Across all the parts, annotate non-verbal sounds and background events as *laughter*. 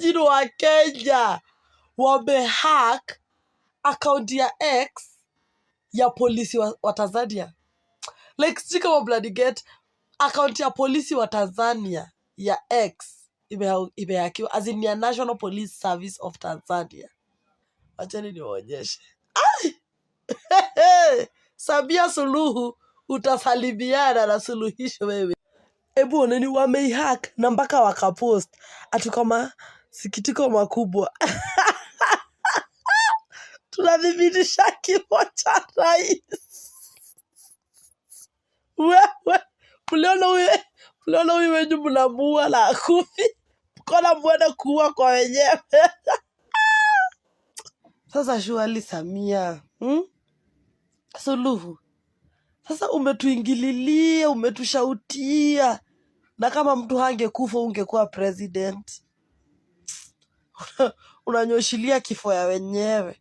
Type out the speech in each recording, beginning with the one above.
imagine wa Kenya wamehack akaunti ya X ya polisi wa, wa Tanzania like sijui kama get akaunti ya polisi wa Tanzania ya X imehakiwa in ya National Police Service of Tanzania. Wachani niwaonyeshe. *laughs* Samia Suluhu, utasalimiana na suluhisho wewe. Ebu oneni, wameihak na mpaka wakapost atu kama sikitiko makubwa *laughs* tunadhibitisha kifo cha rais. huyu wenyu mnamua la kufi mkona mwene kuua kwa wenyewe *laughs* sasa shuali Samia hmm? Suluhu, sasa umetuingililia, umetushautia, na kama mtu hangekufa ungekuwa president. *laughs* unanyoshilia kifo ya wenyewe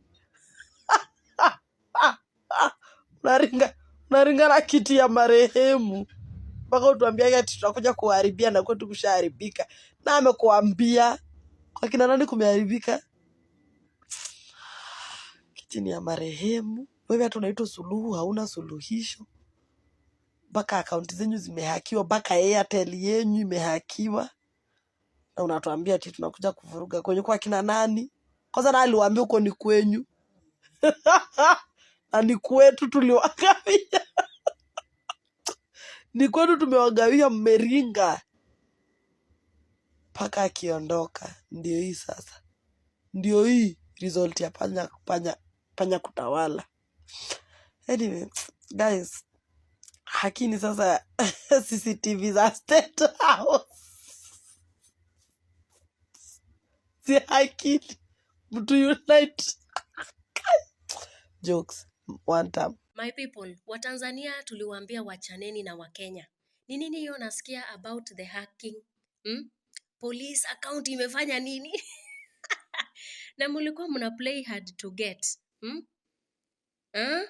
*laughs* unaringa na kiti ya marehemu mpaka utuambia ati tutakuja kuharibia na kwetu kushaharibika, na amekuambia kwa nani kumeharibika? Kiti ni ya marehemu. Wewe hata unaitwa suluhu, hauna suluhisho. Mpaka akaunti zenyu zimehakiwa, mpaka Airtel yenyu imehakiwa na unatuambia ti tunakuja kuvuruga kwenye kwa kina nani? Kwanza na aliwaambia huko ni kwenyu? *laughs* na ni kwetu tuliwagawia *laughs* ni kwetu tumewagawia, mmeringa mpaka akiondoka. Ndio hii sasa, ndio hii result ya panya, panya, panya kutawala. Anyway, guys, hakini sasa *laughs* CCTV za State House the high kid to unite jokes one time. My people, Watanzania tuliwaambia wachaneni na Wakenya. Ni nini hiyo nasikia about the hacking? Hmm? Police account imefanya nini? *laughs* na mlikuwa mna play hard to get. Hmm? Huh?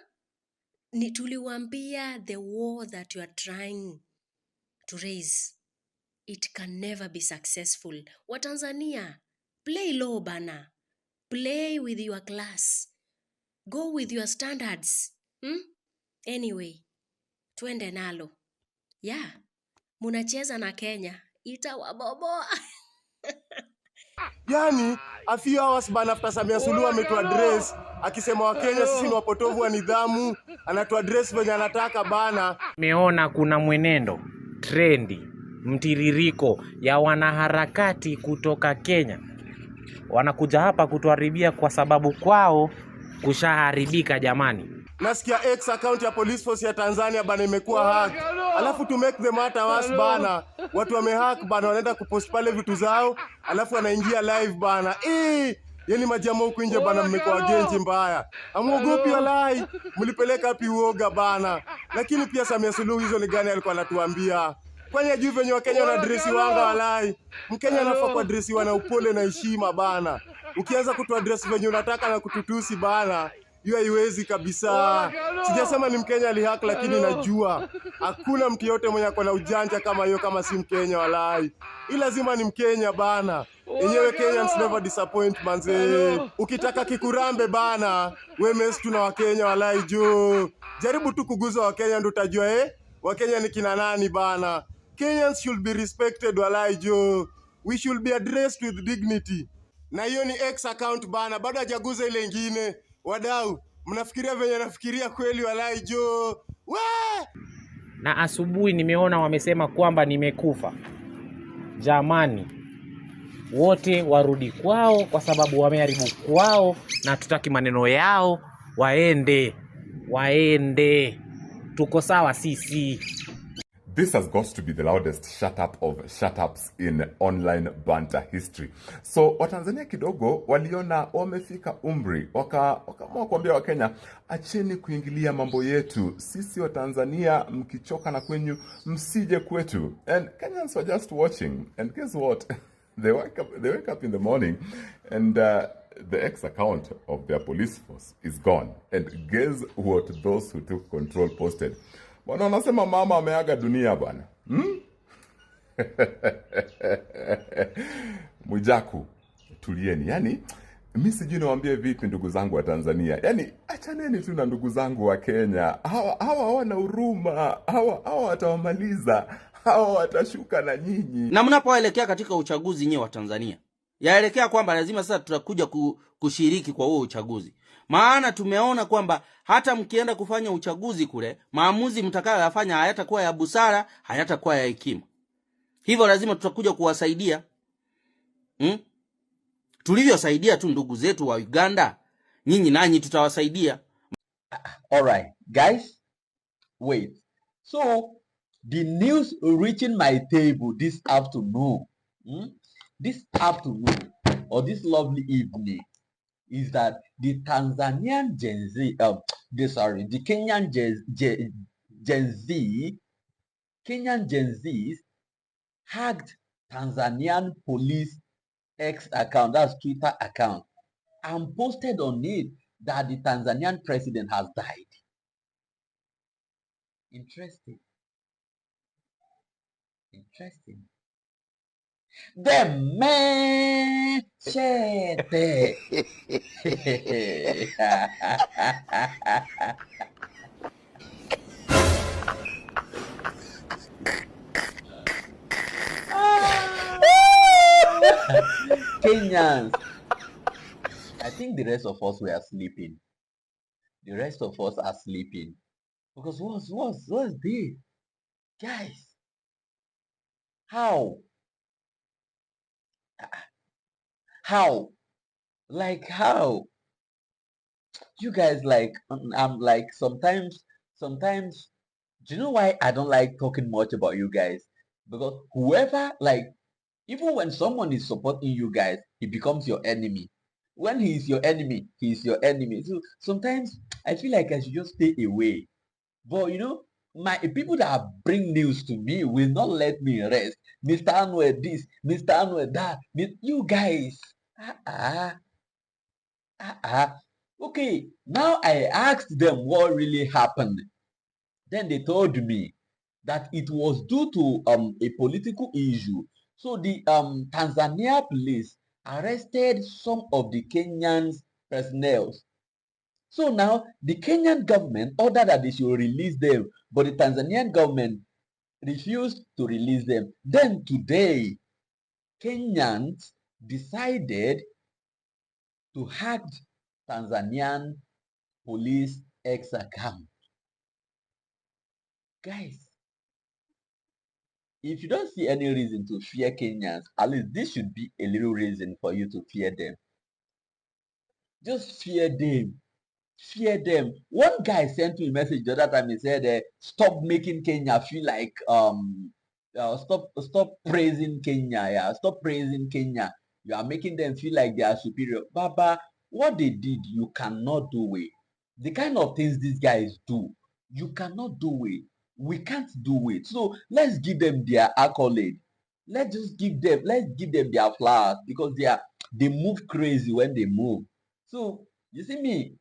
Ni tuliwaambia the war that you are trying to raise it can never be successful. Watanzania Play low bana. Play with your class. Go with your standards. Hmm? Anyway, twende nalo. ya Yeah, munacheza na Kenya. Itawaboboa. *laughs* yani a few hours bana after Samia oh Suluhu ametuaddress akisema Wakenya sisi ni wapotovu wa nidhamu, anatuaddress venye anataka bana. Meona kuna mwenendo trendi mtiririko ya wanaharakati kutoka Kenya wanakuja hapa kutuharibia kwa sababu kwao kushaharibika jamani. Nasikia ex account ya police force ya Tanzania bana imekuwa hack. Alafu to make the matter worse bana, watu wamehack bana, wanaenda kupost pale vitu zao, alafu wanaingia live bana. Eh, yani majama huko nje bana, mmekuwa genji mbaya. Amuogopi alai, mlipeleka api uoga bana. Lakini pia Samia Suluhu hizo ni gani alikuwa anatuambia? Kwani ajui venye Wakenya wanadresi wanga walai. Mkenya anafa kwa kuadresiwa wana upole na heshima bana. Ukianza kutuadresi venye unataka na kututusi bana, hiyo haiwezi kabisa. Sijasema ni Mkenya alihak, lakini najua hakuna mtu yote mwenye ako na ujanja kama hiyo, kama si Mkenya walai. Hii lazima ni Mkenya bana. Oh, Enyewe Kenyans never disappoint manze. Ukitaka kikurambe bana, we mess tu na Wakenya walai juu. Jaribu tu kuguza Wakenya ndo utajua eh, Wakenya ni kina nani bana. Kenyans should be respected walaijo, we should be addressed with dignity. Na hiyo ni ex account bana, bado hajaguza ile ingine. Wadau, mnafikiria venye nafikiria kweli walaijo? We! Na asubuhi nimeona wamesema kwamba nimekufa. Jamani, wote warudi kwao, kwa sababu wameharibu kwao na tutaki maneno yao. Waende, waende, tuko sawa sisi. This has got to be the loudest shut up of shut ups in online banter history. So Watanzania kidogo waliona wamefika umri, wakaamua waka kuambia Wakenya, acheni kuingilia mambo yetu, sisi Watanzania mkichoka na kwenyu msije kwetu. And Kenyans were just watching and guess what *laughs* they wake up, they wake up in the morning and uh, the ex account of their police force is gone. And guess what those who took control posted? Bwana anasema mama ameaga dunia bwana, hmm? *laughs* Mwijaku tulieni. Yani mimi sijui niwaambie vipi, ndugu zangu wa Tanzania, yani achaneni tu na ndugu zangu wa Kenya. Hawa hawa hawana huruma, hawa hawa watawamaliza, hawa watashuka na nyinyi. Na mnapoelekea katika uchaguzi nyewe wa Tanzania yaelekea kwamba lazima sasa tutakuja kushiriki kwa huo uchaguzi, maana tumeona kwamba hata mkienda kufanya uchaguzi kule, maamuzi mtakayoyafanya hayatakuwa ya busara, hayatakuwa ya hekima. Hivyo lazima tutakuja kuwasaidia hmm? tulivyosaidia tu ndugu zetu wa Uganda, nyinyi nanyi tutawasaidia. All right, guys, wait. So the news reaching my table this afternoon hmm? this afternoon or this lovely evening is that the Tanzanian Gen Z, uh, the, sorry, the Kenyan Gen, Gen, Gen Z, Kenyan Gen Zs hacked Tanzanian police X account, that's Twitter account, and posted on it that the Tanzanian president has died. Interesting. Interesting. Demachete. *laughs* Kenyans. I think the rest of us were sleeping. The rest of us are sleeping. Because what's what's what's this? Guys. How? how like how you guys like mm, i'm like sometimes sometimes do you know why i don't like talking much about you guys because whoever like even when someone is supporting you guys he becomes your enemy when he is your enemy he is your enemy so sometimes i feel like i should just stay away but you know my people that bring news to me will not let me rest mr anwar this mr anwar that you guys Ah, ah, ah, ah. Okay, now I asked them what really happened. Then they told me that it was due to um, a political issue. So the um, Tanzania police arrested some of the Kenyan personnel. So now the Kenyan government ordered that they should release them, but the Tanzanian government refused to release them. Then today, Kenyans decided to hack Tanzanian police ex account. Guys, if you don't see any reason to fear Kenyans, at least this should be a little reason for you to fear them. Just fear them. Fear them. One guy sent me a message the other time. He said, uh, "Stop making Kenya feel like um, uh, stop stop praising Kenya. Yeah, stop praising Kenya. You are making them feel like they are superior. Baba, what they did, you cannot do it. The kind of things these guys do, you cannot do it. We can't do it. So let's give them their accolade. Let's just give them, let's give them their flowers because they are they move crazy when they move. So you see me,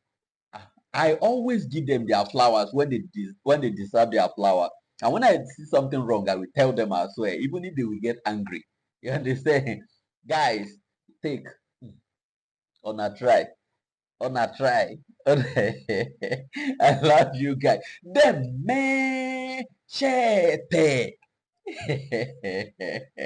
I always give them their flowers when they when they deserve their flower. And when I see something wrong, I will tell them I swear, even if they will get angry. You *laughs* understand? Guys, take on a try on a try *laughs* i love you guys The mẹ́ẹ̀ẹ́dẹ́gbẹ̀ẹ́. *laughs*